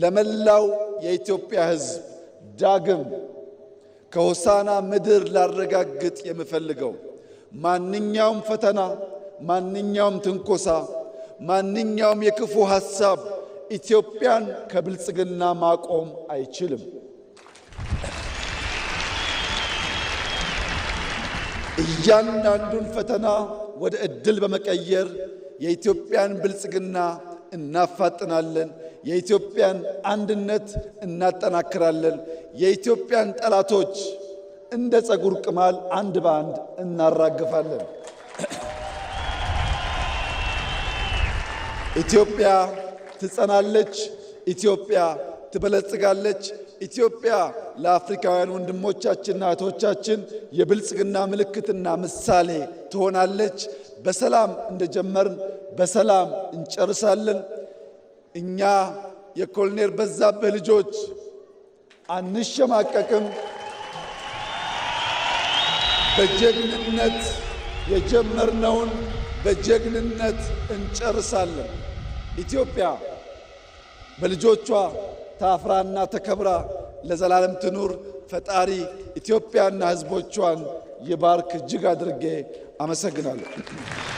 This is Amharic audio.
ለመላው የኢትዮጵያ ሕዝብ ዳግም ከሆሳና ምድር ላረጋግጥ የምፈልገው ማንኛውም ፈተና፣ ማንኛውም ትንኮሳ፣ ማንኛውም የክፉ ሐሳብ ኢትዮጵያን ከብልጽግና ማቆም አይችልም። እያንዳንዱን ፈተና ወደ ዕድል በመቀየር የኢትዮጵያን ብልጽግና እናፋጥናለን። የኢትዮጵያን አንድነት እናጠናክራለን። የኢትዮጵያን ጠላቶች እንደ ጸጉር ቅማል አንድ በአንድ እናራግፋለን። ኢትዮጵያ ትጸናለች። ኢትዮጵያ ትበለጽጋለች። ኢትዮጵያ ለአፍሪካውያን ወንድሞቻችንና እህቶቻችን የብልጽግና ምልክትና ምሳሌ ትሆናለች። በሰላም እንደጀመርን በሰላም እንጨርሳለን። እኛ የኮሎኔል በዛብህ ልጆች አንሸማቀቅም። በጀግንነት የጀመርነውን በጀግንነት እንጨርሳለን። ኢትዮጵያ በልጆቿ ታፍራና ተከብራ ለዘላለም ትኑር። ፈጣሪ ኢትዮጵያና ሕዝቦቿን ይባርክ። እጅግ አድርጌ አመሰግናለሁ።